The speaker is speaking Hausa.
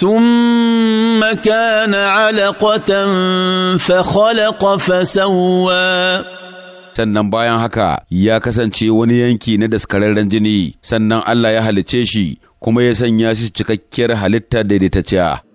ثم كان علقة فخلق فسوى sannan bayan haka ya kasance wani yanki na daskararren jini sannan Allah ya halicce shi kuma ya sanya shi cikakkiyar halitta daidaitacciya